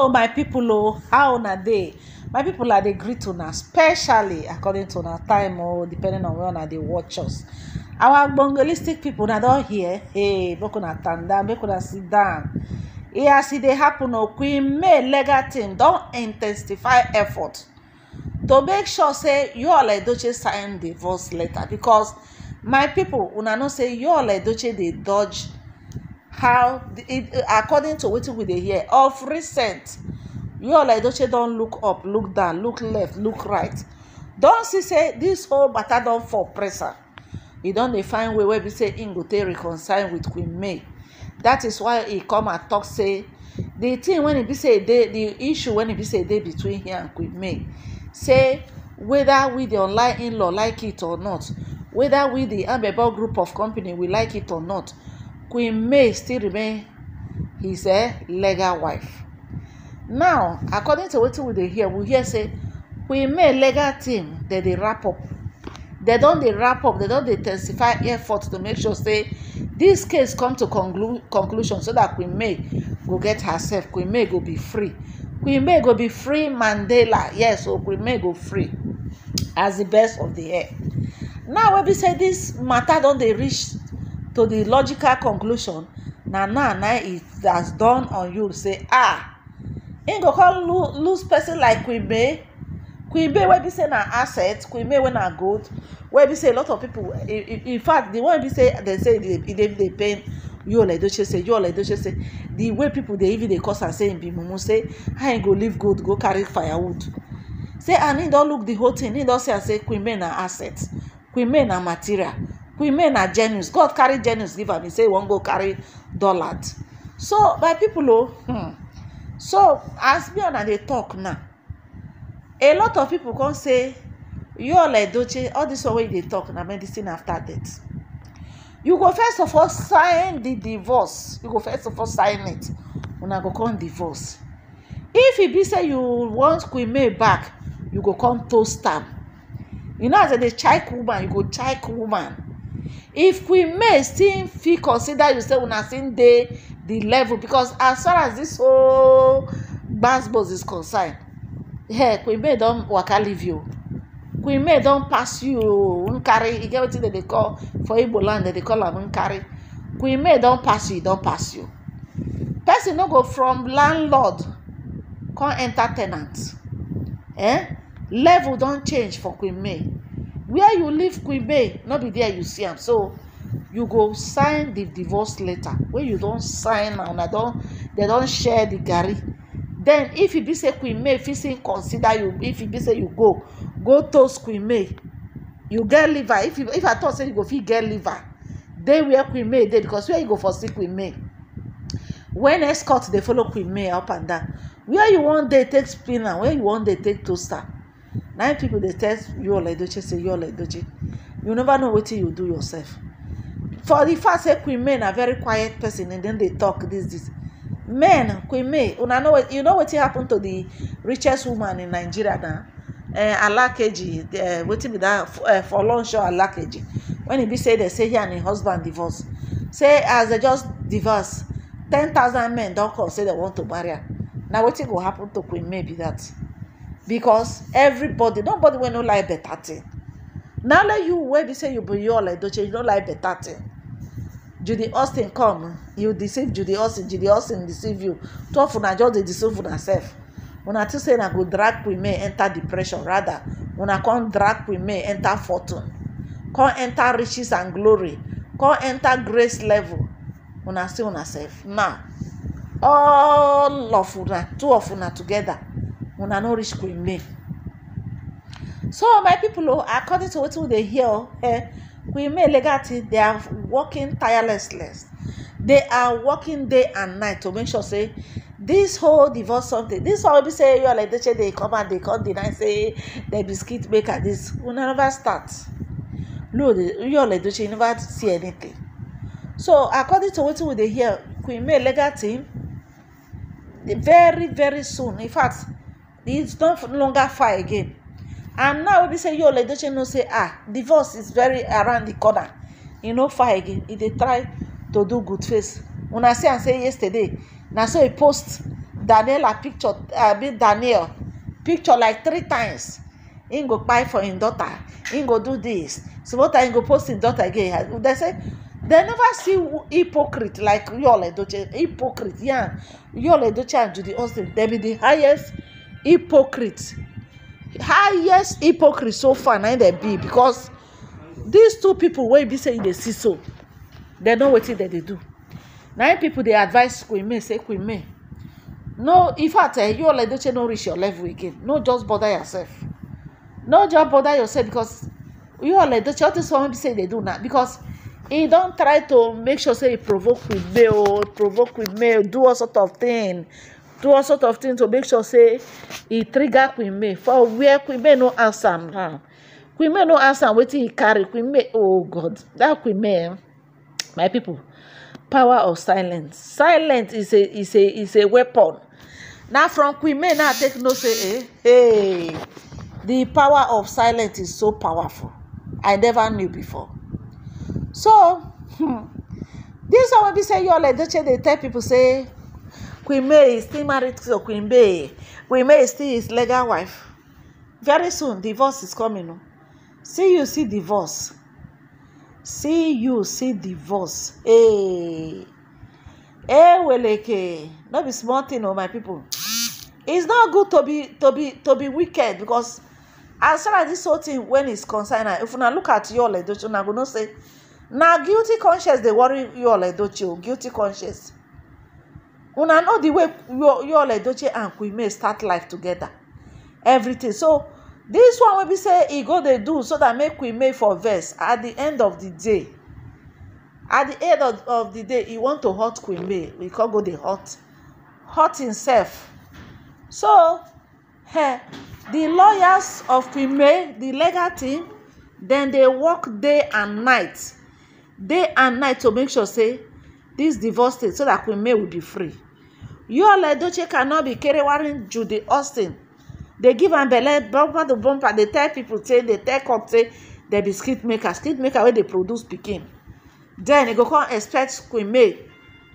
oh my people oh how una dey my people i dey greet una especially according to una time oh depending on where una dey watch us our gbongolistic people una don hear hey make una stand down make una sit down e as e dey happen oh Queen May legal team don intensify effort to make sure say Yul Edochie sign divorce letter because my people una know say Yul Edochie dey dodge how it according to wetin we dey hear of recent you all yool edoche don look up look down look left look right don see say this whole matter don fall pressure. am e don dey find way wey be say im go take reconcile with queen may That is why e come and talk say the thing wey e be say e dey di issue wey e be say e dey between him and queen may say whether we the online in law like it or not whether we the amebo group of company we like it or not Queen May still remain his eh, legal wife. Now, according to what we dey hear, we hear say Queen May legal team that they wrap up. They don't they wrap up, They don't dey intensify effort to make sure say this case come to conclu conclusion so that Queen May go get herself, Queen May go be free. Queen May go be free Mandela, yes o, so Queen May go free as the best of the air. Now when we say this matter don't they reach to the logical conclusion na now na it has done on you say ah im go come lose person like queen may queen wey be say na asset queen may wey na gold wey be say a lot of people in in fact the one wey be say dem say e dey dey pain yool edoche say you yool edoche say the way people dey even dey cause am say im be mumu say how ah, im go leave gold go carry firewood say and he don look the whole thing He don see am say queen na asset queen na material queen may na genius god carry genius give am he say he wan go carry dollars." so my people o oh, hmm, so as me una dey talk now a lot of people come say "You all yul edochie all this one wey you dey talk na medicine after death you go first of all sign the divorce you go first of all sign it una go come divorce if e be say you want queen may back you go come toast am you know as i dey check woman you go check woman if we may still fit consider you say una still dey the level because as far as this whole gbasgbos is concerned yeah, queen may don waka leave you queen may don pass you o nkari e get wetin dem dey call for igbo land dem dey call am nkari queen may don pass you e don pass you person no go from landlord come enter ten ant eh level don change for queen may where you live, queen may no be there you see am so you go sign the divorce letter wey you don sign am una don dem don share the garri then if e be say queen may fit still consider you if e be say you go go toast queen may you get liver if if i talk say you go fit get liver dey where queen may dey because where you go for see queen may when escort dey follow queen may up and down where you wan dey take spin am where you wan dey take toast am Nine people dey test you like edoche say you like edoche you never know wetin you do yourself for the fact say queen may na very quiet person and then dey talk this this men queen may una know you know wetin happen to the richest woman in nigeria na uh, alakeji uh, wetin be that uh, eh, for longshore alakeji when e be say dem say he and im husband divorce say as they just divorce ten thousand men don call say they want to marry her. na wetin go happen to queen may be that because everybody nobody wey no like better thing na only you wey be say you be your like, Edochie you no like better thing Judy Austin come you deceive Judy Austin Judy Austin deceive you two of una just dey deceive una sef una think say una go drag may enter depression rather una come drag may enter fortune come enter riches and glory come enter grace level una see una sef now all of una two of una together una no reach queen me, so my people Oh, according to wetin we dey hear o oh, eh queen me legati they are working tirelessly they are working day and night to make sure say this whole divorce something this one wey be say your like deche dey come and dey come deny say dem biscuit maker this una never start no your like deche never see anything so according to wetin we dey hear queen me legati. very very soon in fact e don longer far again and now wey be say yul edochie know say ah divorce is very around the corner e no far again e dey try to do good face una see am say yesterday na so e post daniela picture abi daniel picture like three times im go kpai for im daughter im go do dis some more time im go post im daughter again dem say dem never see hypocrite like yul edochie hypocrite yan yul edochie and judy austin dem be the highest hypocrite highest hypocrite so far na dem be because these two people wey be say you dey see so dem know wetin dem dey do na im people dey advise Queen May say Queen May no in fact eh you Yul Edochie no reach your level again no just bother yourself no just bother yourself because you Yul Edochie all this one wey be say e dey do na because he don try to make sure say e provoke Queen May o oh, provoke Queen May do all sort of thing do all sort of things to make sure say he trigger queen may for where queen may no answer am mm, now ah. queen may no answer Waiting he carry queen may oh god that queen may eh, my people power of silence silence is a is a is a weapon Now from queen may now take no say eh hey the power of silence is so powerful i never knew before so hmm, this one will be say yall edoche dey tell people say Queen May is still married to Queen Bey. Queen May is still his legal wife. Very soon, divorce is coming. Oh. See you see divorce. See you see divorce. Hey. Eh. Eh, hey, Weleke. No be small thing, oh, my people. It's not good to be to be to be wicked because as far as this whole thing when it's concerned, if you now look at you all like don't you, una say na guilty conscience they worry you all don't you guilty conscience una know the way you yul edoche and queen start life together everything so this one wey be say e go dey do so that make queen for verse at the end of the day at the end of the day e want to hurt queen may we con go dey hurt hurt himself so eh the lawyers of queen the legal team dem dey work day and night day and night to make sure say this divorce state so that queen will be free yul edochika no be carrying judy austin They give am belle bumper to bumper dey tell People say they tell cop say dem be skit maker skit maker wey They produce picking. Then, you go come expect queen may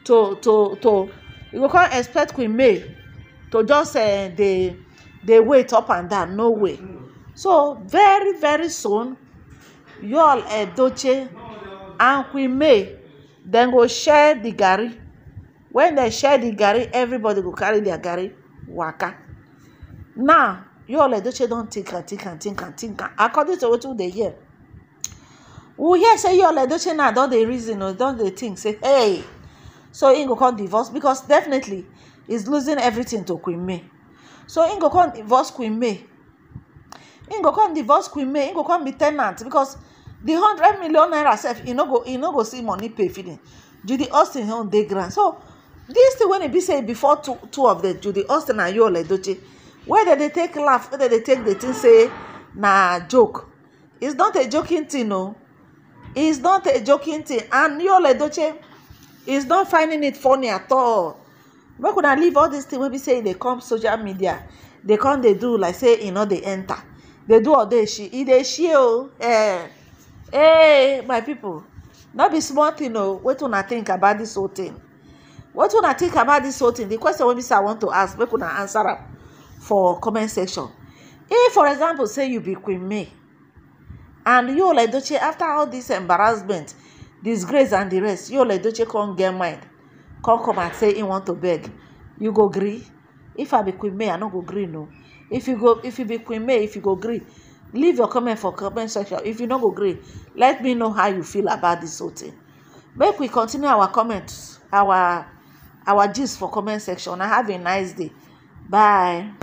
to to to You go come expect queen may to just they eh, they wait up and down no way so very very soon yul edoche eh, and queen may Then go share the garri When they share the gari, everybody go carry their gari. waka now you yul edoche don think and think and think and think according to what we dey hear we hear say you yul edoche now don't they reason or don't they think say hey so im go come divorce because definitely he's losing everything to queen may so im go come divorce queen may im go come divorce queen may im go come be tenant because the hundred million naira self he no go he no go see money pay feeding judy austin he dey grand so This thing wey e be say before two two of the judy austin and yul edochie wey dem they take laugh whether they take the thing say na joke it's not a joking thing no, it's not a joking thing and yul edochie is not finding it funny at all could I leave all this thing When we say they come social media they come they do like say you know they enter they do all this. dey share o oh, eh hey my people, Not be small thing Wait when I think about this whole thing what I think about this whole thing di question wey i want to ask we could answer up for comment section if for example say you be queen may and you like oledoche after all this embarrassment disgrace and the rest you like you? come get mind come come and say you want to beg you go green. if i be queen may i no go green no if you go if you be queen may if you go green, leave your comment for comment section if you no go green, let me know how you feel about this whole thing make we continue our comments our our gist for comment section I have a nice day bye.